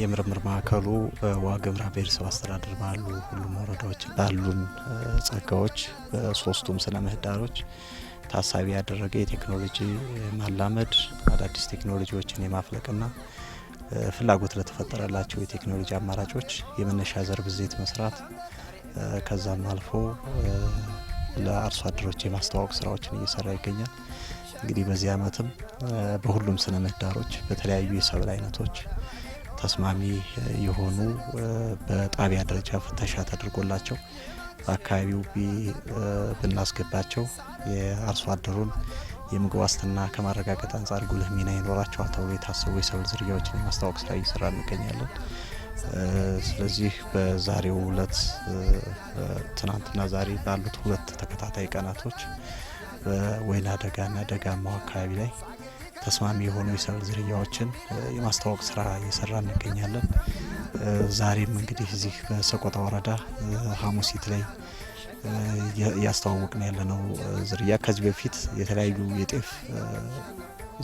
የምርምር ማዕከሉ በዋግምራ ብሔረሰብ አስተዳደር ባሉ ሁሉም ወረዳዎች ባሉን ጸጋዎች በሶስቱም ስነ ምህዳሮች ታሳቢ ያደረገ የቴክኖሎጂ ማላመድ አዳዲስ ቴክኖሎጂዎችን የማፍለቅና ፍላጎት ለተፈጠረላቸው የቴክኖሎጂ አማራጮች የመነሻ ዘር ብዜት መስራት ከዛም አልፎ ለአርሶ አደሮች የማስተዋወቅ ስራዎችን እየሰራ ይገኛል። እንግዲህ በዚህ ዓመትም በሁሉም ስነ ምህዳሮች በተለያዩ የሰብል አይነቶች ተስማሚ የሆኑ በጣቢያ ደረጃ ፍተሻ ተደርጎላቸው በአካባቢው ብናስገባቸው የአርሶ አደሩን የምግብ ዋስትና ከማረጋገጥ አንጻር ጉልህ ሚና ይኖራቸዋል ተብሎ የታሰቡ የሰብል ዝርያዎችን የማስታወቅ ስራ እየሰራ እንገኛለን። ስለዚህ በዛሬው ሁለት ትናንትና ዛሬ ባሉት ሁለት ተከታታይ ቀናቶች በወይና ደጋና ደጋማው አካባቢ ላይ ተስማሚ የሆኑ የሰብል ዝርያዎችን የማስተዋወቅ ስራ እየሰራ እንገኛለን። ዛሬም እንግዲህ እዚህ በሰቆጣ ወረዳ ሀሙሲት ላይ እያስተዋወቅን ያለነው ዝርያ ከዚህ በፊት የተለያዩ የጤፍ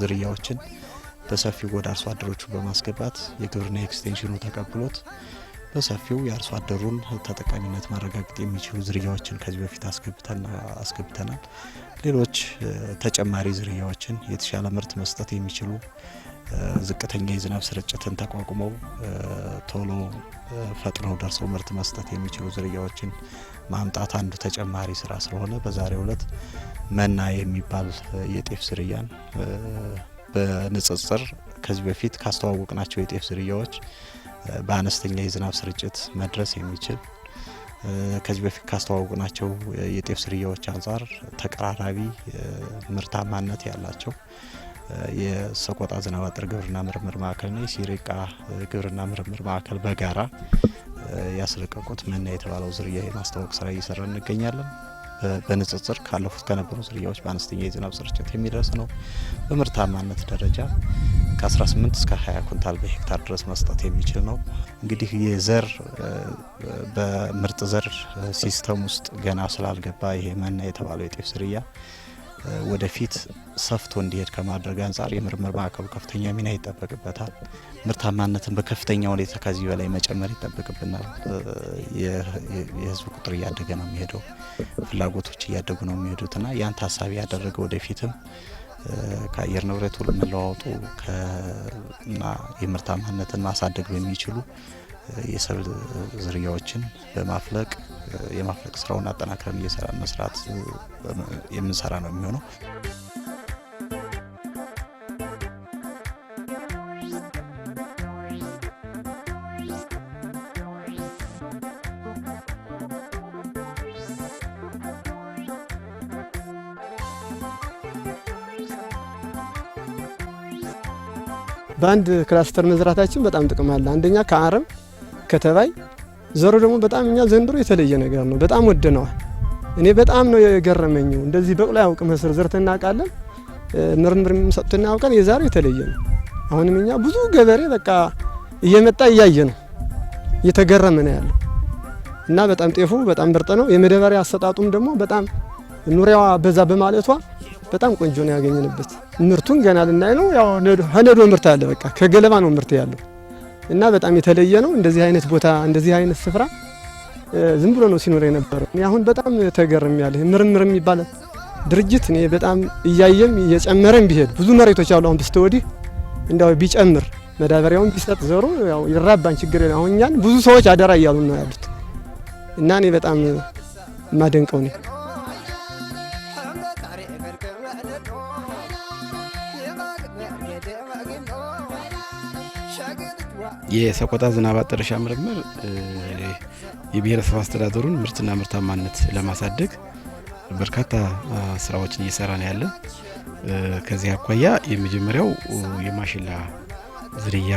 ዝርያዎችን በሰፊው ወደ አርሶ አደሮቹ በማስገባት የግብርና ኤክስቴንሽኑ ተቀብሎት በሰፊው የአርሶ አደሩን ተጠቃሚነት ማረጋገጥ የሚችሉ ዝርያዎችን ከዚህ በፊት አስገብተናል። ሌሎች ተጨማሪ ዝርያዎችን የተሻለ ምርት መስጠት የሚችሉ ዝቅተኛ የዝናብ ስርጭትን ተቋቁመው ቶሎ ፈጥነው ደርሰው ምርት መስጠት የሚችሉ ዝርያዎችን ማምጣት አንዱ ተጨማሪ ስራ ስለሆነ በዛሬው ዕለት መና የሚባል የጤፍ ዝርያን በንጽጽር ከዚህ በፊት ካስተዋወቅናቸው የጤፍ ዝርያዎች በአነስተኛ የዝናብ ስርጭት መድረስ የሚችል ከዚህ በፊት ካስተዋወቅናቸው የጤፍ ዝርያዎች አንጻር ተቀራራቢ ምርታማነት ያላቸው የሰቆጣ ዝናብ አጠር ግብርና ምርምር ማዕከልና የሲሪቃ ግብርና ምርምር ማዕከል በጋራ ያስለቀቁት መና የተባለው ዝርያ የማስተዋወቅ ስራ እየሰራ እንገኛለን። በንጽጽር ካለፉት ከነበሩ ዝርያዎች በአነስተኛ የዝናብ ስርጭት የሚደርስ ነው። በምርታማነት ደረጃ ከ18 እስከ 20 ኩንታል በሄክታር ድረስ መስጠት የሚችል ነው። እንግዲህ የዘር በምርጥ ዘር ሲስተም ውስጥ ገና ስላልገባ ይሄ መና የተባለው የጤፍ ዝርያ ወደፊት ሰፍቶ እንዲሄድ ከማድረግ አንጻር የምርምር ማዕከሉ ከፍተኛ ሚና ይጠበቅበታል። ምርታማነትን በከፍተኛ ሁኔታ ከዚህ በላይ መጨመር ይጠበቅብናል። የህዝብ ቁጥር እያደገ ነው የሚሄደው፣ ፍላጎቶች እያደጉ ነው የሚሄዱትና ያን ታሳቢ ያደረገ ወደፊትም ከአየር ንብረቱ መለዋወጡ እና የምርታማነትን ማሳደግ በሚችሉ የሰብል ዝርያዎችን በማፍለቅ የማፍለቅ ስራውን አጠናክረን እየሰራ መስራት የምንሰራ ነው የሚሆነው። በአንድ ክላስተር መዝራታችን በጣም ጥቅም አለ። አንደኛ ከአረም ከተባይ ዘሮ ደግሞ በጣም እኛ ዘንድሮ የተለየ ነገር ነው። በጣም ወደነዋል። እኔ በጣም ነው የገረመኝ። እንደዚህ በቅሎ ያውቅ መስር ዘርተን እናውቃለን፣ ምርምር ሰጡት እናውቃለን። የዛሬ የተለየ ነው። አሁንም እኛ ብዙ ገበሬ በቃ እየመጣ እያየ ነው እየተገረመ ነው ያለው እና በጣም ጤፉ በጣም ምርጥ ነው። የመደበሪያ አሰጣጡም ደግሞ በጣም ኑሪያዋ በዛ በማለቷ በጣም ቆንጆ ነው ያገኘንበት። ምርቱን ገና ልናይ ነው። ያው ነዶ ምርት አለ። በቃ ከገለባ ነው ምርት ያለው። እና በጣም የተለየ ነው። እንደዚህ አይነት ቦታ እንደዚህ አይነት ስፍራ ዝም ብሎ ነው ሲኖር የነበረው። አሁን በጣም ተገርም ያለ ምርምር የሚባል ድርጅት እኔ በጣም እያየም እየጨመረም ቢሄድ ብዙ መሬቶች አሉ። አሁን ብስተወዲህ እንዳው ቢጨምር መዳበሪያውን ቢሰጥ ዘሩ ያው ይራባን ችግር የለም። አሁን እኛን ብዙ ሰዎች አደራ እያሉ ነው ያሉት እና እኔ በጣም የማደንቀው ነው። የሰቆጣ ዝናብ አጠረሻ ምርምር የብሔረሰብ አስተዳደሩን ምርትና ምርታማነት ለማሳደግ በርካታ ስራዎችን እየሰራ ነው ያለ። ከዚህ አኳያ የመጀመሪያው የማሽላ ዝርያ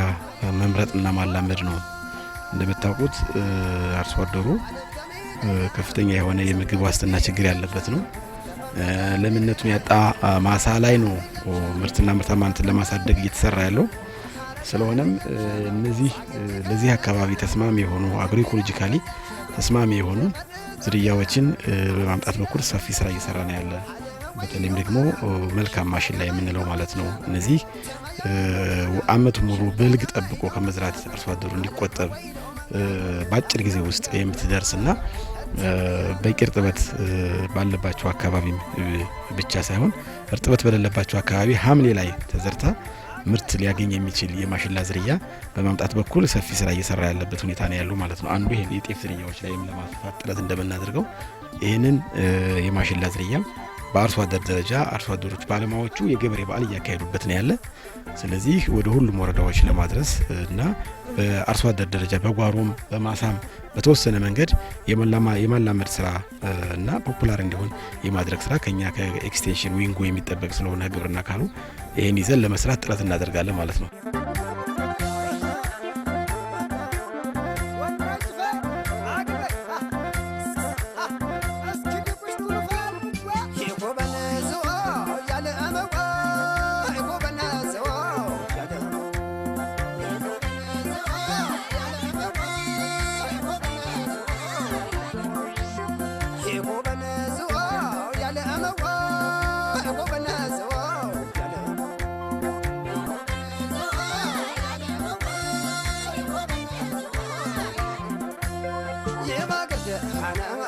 መምረጥና ማላመድ ነው። እንደምታውቁት አርሶ አደሩ ከፍተኛ የሆነ የምግብ ዋስትና ችግር ያለበት ነው። ለምነቱን ያጣ ማሳ ላይ ነው ምርትና ምርታማነትን ለማሳደግ እየተሰራ ያለው። ስለሆነም እነዚህ ለዚህ አካባቢ ተስማሚ የሆኑ አግሪኮሎጂካሊ ተስማሚ የሆኑ ዝርያዎችን በማምጣት በኩል ሰፊ ስራ እየሰራ ነው ያለ በተለይም ደግሞ መልካም ማሽላ የምንለው ማለት ነው። እነዚህ አመቱ ሙሉ በልግ ጠብቆ ከመዝራት አርሶ አደሩ እንዲቆጠብ በአጭር ጊዜ ውስጥ የምትደርስና በቂ እርጥበት ባለባቸው አካባቢ ብቻ ሳይሆን እርጥበት በሌለባቸው አካባቢ ሐምሌ ላይ ተዘርታ ምርት ሊያገኝ የሚችል የማሽላ ዝርያ በማምጣት በኩል ሰፊ ስራ እየሰራ ያለበት ሁኔታ ነው ያለው ማለት ነው። አንዱ ይሄ የጤፍ ዝርያዎች ላይም ለማስፋት ጥረት እንደምናደርገው ይህንን የማሽላ ዝርያ በአርሶ አደር ደረጃ አርሶ አደሮች ባለሙያዎቹ የገበሬ በዓል እያካሄዱበት ነው ያለ። ስለዚህ ወደ ሁሉም ወረዳዎች ለማድረስ እና በአርሶ አደር ደረጃ በጓሮም በማሳም በተወሰነ መንገድ የማላመድ ስራ እና ፖፑላር እንዲሆን የማድረግ ስራ ከኛ ከኤክስቴንሽን ዊንጎ የሚጠበቅ ስለሆነ ግብርና ካሉ ይህን ይዘን ለመስራት ጥረት እናደርጋለን ማለት ነው። أنا